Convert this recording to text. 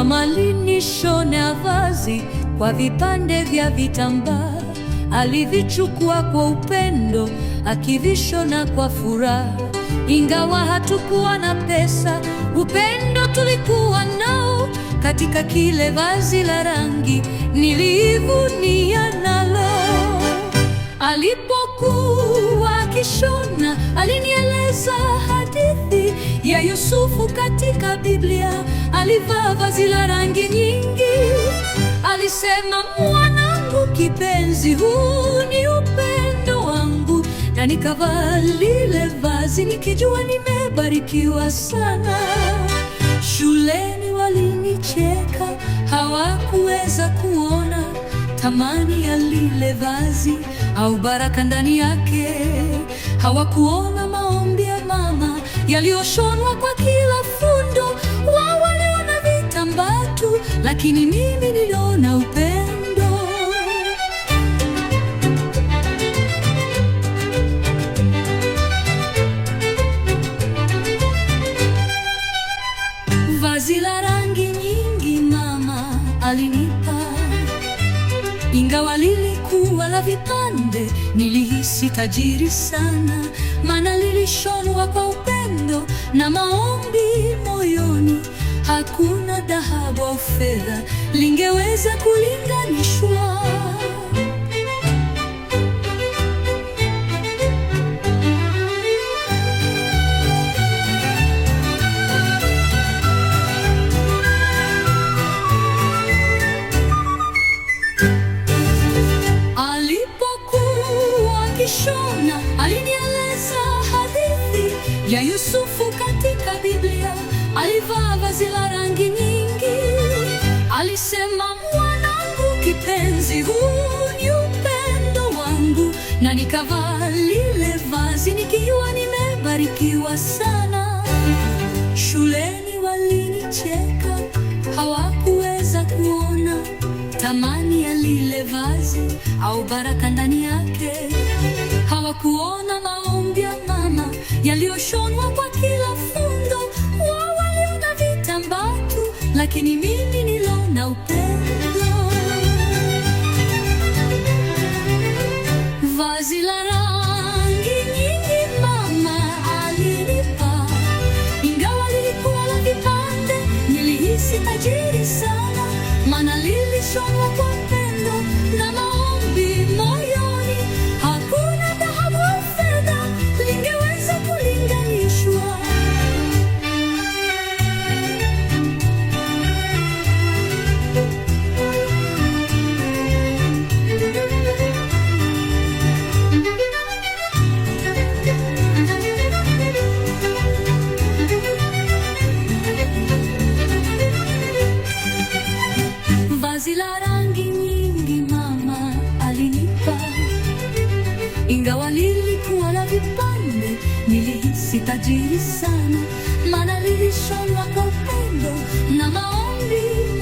Mama alinishona vazi kwa vipande vya vitambaa, alivichukua kwa upendo, akivishona kwa furaha. Ingawa hatukuwa na pesa, upendo tulikuwa nao katika kile vazi la rangi nilivunia nalo. Alipokuwa akishona, alinieleza hadithi ya Yusufu katika Biblia alivaa vazi la rangi nyingi, alisema mwanangu kipenzi, huu ni upendo wangu, na nikavaa lile vazi nikijua nimebarikiwa sana. Shuleni walinicheka, hawakuweza kuona thamani ya lile vazi au baraka ndani yake, hawakuona maombi ya mama yaliyoshonwa kwa kila lakini mimi niliona upendo. Vazi la rangi nyingi mama alinipa, ingawa lilikuwa la vipande, nilihisi tajiri sana, maana lilishonwa kwa upendo na maombi moyoni hakuna dhahabu au fedha lingeweza kulinganishwa. Alipokuwa alinieleza hadithi ya Yusufu katika Biblia. Alivaa vazi la rangi nyingi, alisema mwanangu kipenzi, huu ni upendo wangu, na nikavaa lile vazi nikiwa nimebarikiwa sana. Shuleni walinicheka, hawakuweza kuona thamani ya lile vazi au baraka ndani yake, hawakuona maombi ya mama yaliyoshonwa kwa lakini mimi nilo na upendo. Vazi la rangi nyingi mama alinipa, ingawa lilikuwa la vipande, nilihisi tajiri sana, mana lilishonwa kwa Sila rangi nyingi mama alinipa, ingawa nilikuwa na vipande, nilihisi tajiri sana, maana nilishonwa kwa upendo na maombi